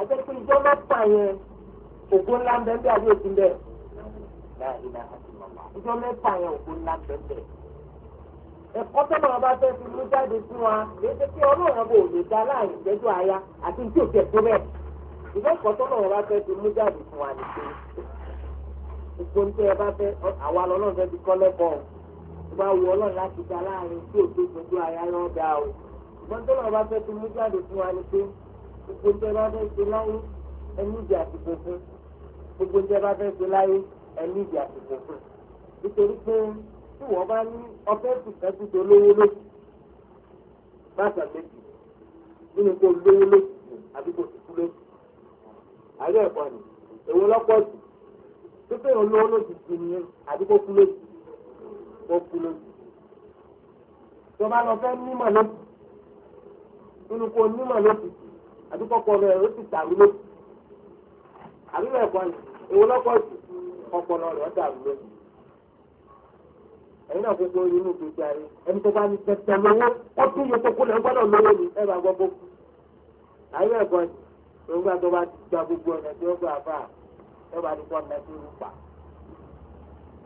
àjẹ́ pé ìjọ mẹ́fà yẹn ògo ńlá ń bẹ́ẹ̀ bí àbí òkú bẹ́ẹ̀ ìjọ mẹ́fà yẹn ògo ńlá ń bẹ́ẹ̀ ẹ̀kọ́ tó máa bá fẹ́ fi mú jáde fún wa léṣe pé ọlọ́run bò lè dá láàyè ìjẹ́jú aya àti tí òkè tó bẹ́ẹ̀ ìjọ ẹ̀kọ́ tó máa bá fẹ́ fi mú jáde fún wa nìkan gbogbo ní tí ẹ bá fẹ́ àwa lọ́lọ́run fẹ́ fi kọ́ lẹ́kọ̀ọ́ bá wọ ọlọ́run láti dá láàrin tí òjò gbogbo ara lọ́ da o ṣùgbọ́n tó lọ́ọ́ bá fẹ́ ti mú jáde fún wa ni pé gbogbo ń tẹ́ bá fẹ́ ṣe láyé ẹni ìdí àsìkò fún gbogbo ń tẹ́ bá fẹ́ ṣe láyé ẹni ìdí àsìkò fún nítorí pé tí wọ́n bá ní ọfẹ́ sùkẹ́ tó dolówó lójú bàtà méjì nínú kó lówó lójú àbí kò sùkú lójú àárẹ̀ ẹ̀kọ́ ni èwo lọ́pọ̀ jù pípé lówó lójú ti ní àbí kò kú lójú lójúmọ́ tó bá lọ fẹ́ nímọ̀ lókù nínú kó nímọ̀ lókù àdúgbò kọ rẹ̀ ó sì dàrú lókù àdúgbò ẹ̀kọ́ èwo lọ́kọ̀ jù ọpọlọ rẹ̀ ó dàrú lókù ẹ̀yin náà gbogbo inú gbogbo ayé ẹni tó bá ní tẹ̀tẹ̀ lówó ó tún yẹ kókó lẹ́yìn gbọ́dọ̀ lówó ni ẹ bá gbọ́ bó àyè ẹ̀kọ́ ìgbà tó bá gba gbogbo ọ̀nà tí ó gbà fà ẹ bá ní kó ọ̀nà tó ń pa.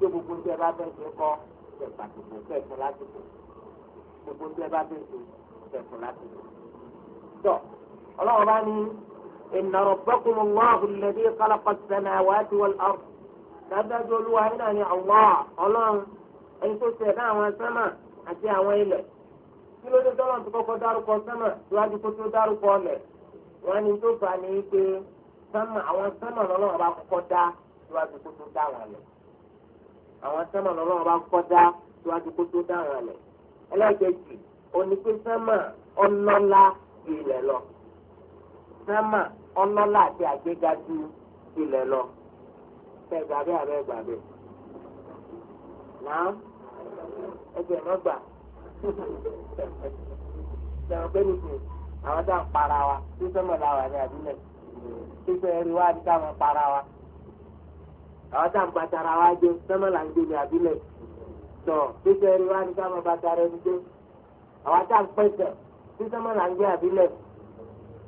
pé gbogbo tí ẹ bá fẹ́ ṣe kọ́ ṣe pàtìkù ṣe fún lásìkò gbogbo tí ẹ bá fẹ́ ṣe ṣe fún lásìkò. tọ́ ọlọ́run bá ní inna rabbakum Allahu alladhi khalaqa as-samawati wal ard dájú olúwa iná ni Allah ọlọ́run ẹni tó ṣẹ̀dá àwọn sẹ́mà àti àwọn ilẹ̀ kí ló dé tọ́lọ̀ tó kọ́kọ́ dárúkọ sẹ́mà síwájú kó tó dárúkọ ọlẹ̀ wọ́n ní tó fà ní pé sẹ́mà àwọn sẹ́mà lọ́lọ́run bá kọ́kọ́ dá síwájú kó tó dá àwọn ilẹ̀ àwọn sánmà lọ́wọ́ bá kọ́ dá síwájú kó tó dá àwọn ẹ̀lẹ́ ẹlẹ́gẹ̀ẹ́jì òní pé sánmà ọlọ́lá ilẹ̀ lọ sánmà ọlọ́lá àti àgbéga ju ilẹ̀ lọ fẹ́ gbà bẹ́ẹ̀ abẹ́ gbà bẹ́ẹ̀ náà ẹgbẹ́ náà gbà sẹ́wọ̀n pé nìkan àwọn tá à ń para wa tí sánmà làwọn àti àbílẹ̀ tí sẹ́yìn rí wá ní ká para wa àwọn tá à ń bàtàrà wa jẹ sẹ́mọ̀ là ń gbé ní àbílẹ̀ tọ̀ pípẹ́ rí wa ní ká máa bàtàrà ẹni jẹ àwọn tá à ń pẹ̀sẹ̀ sí sẹ́mọ̀ là ń gbé àbílẹ̀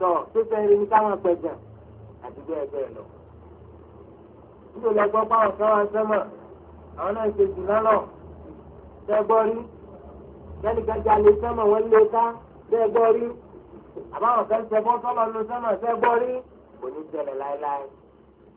tọ̀ pípẹ́ rí ní ká máa pẹ̀sẹ̀ àti bẹ́ẹ̀ bẹ́ẹ̀ lọ. nítorí ẹgbọ́n báwọn sọ́wọ́ sẹ́mọ̀ àwọn náà ṣe jù lọ́lọ́ tẹ́gbọ́rí tẹ́nìkan jalè sẹ́mọ̀ wọ́n lé ká tẹ́gbọ́rí àbáwọn fẹ́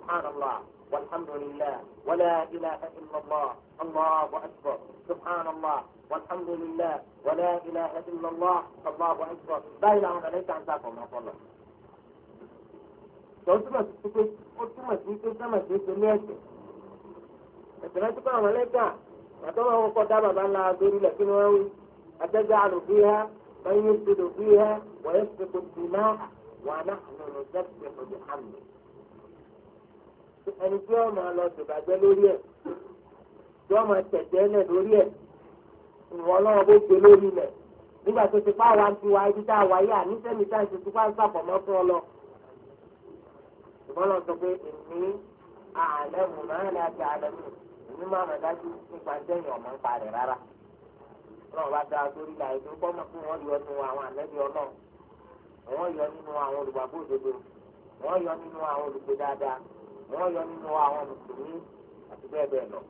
سبحان الله والحمد لله ولا إله إلا الله الله أكبر سبحان الله والحمد لله ولا إله إلا الله الله أكبر بايل عن عليك عن ذاك ومن أفضل لكن أتجعل فيها من يسجد فيها ويسبق الدماء ونحن نسبح بحمده ẹni tí wọ́n máa lọ ṣèbàjẹ́ lórí ẹ̀ tí wọ́n máa tẹ̀jẹ́ lẹ̀ lórí ẹ̀ ìwọ̀n ọlọ́run bó gbé lórí nígbà tó ti fáwa ń tiwa ibi tá a wà yá tá à ń ṣe tó fáwọn sàpọ̀mọ́ fún ọ lọ. ìbọn lọ sọ pé èmi àlẹ́mù àti èmi máa mọ̀ dájú nípa sẹ́yìn ọ̀mọ́ ń parẹ̀ rárá. ọlọ́run bá sórí ni wọ́n yọ nínú àwọn mùsùlùmí àti bẹ́ẹ̀ bẹ́ẹ̀ lọ.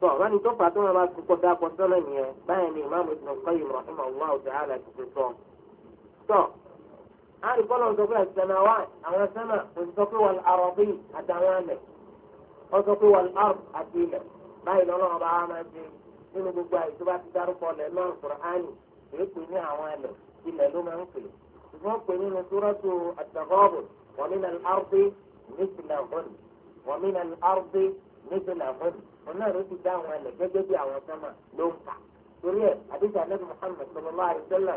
tọ́ wọ́n ní tó fà tó wọn bá ti kọ́ dáa pọ́ńtọ́ lẹ́yìn ẹ báyìí ni ìmáàmù Ibn Qayyim rahimahullahu ta'ala ti ti sọ. tọ́ àrí bọ́lá ń sọ pé àtìsẹ́nà wá àwọn sẹ́nà kò sọ pé wọ́n arọ́bí àtàwọn ẹ̀mẹ̀ wọ́n sọ pé wọ́n arọ́ àti ilẹ̀ báyìí lọ́nà ọba wa máa ṣe nínú gbogbo àyè tó bá ti dárúkọ lẹ̀ lọ́rùn Kùránì èé pè ní àwọn ẹ̀lẹ̀ ilẹ̀ ló máa ń pè ṣùgbọ́n pè nínú Suratu At-Taghabun wa min al-ardi مثل هن ومن الأرض مثل هن ريتي ده ولا لجدد أو سما لونك سوريا حديث النبي محمد صلى الله عليه وسلم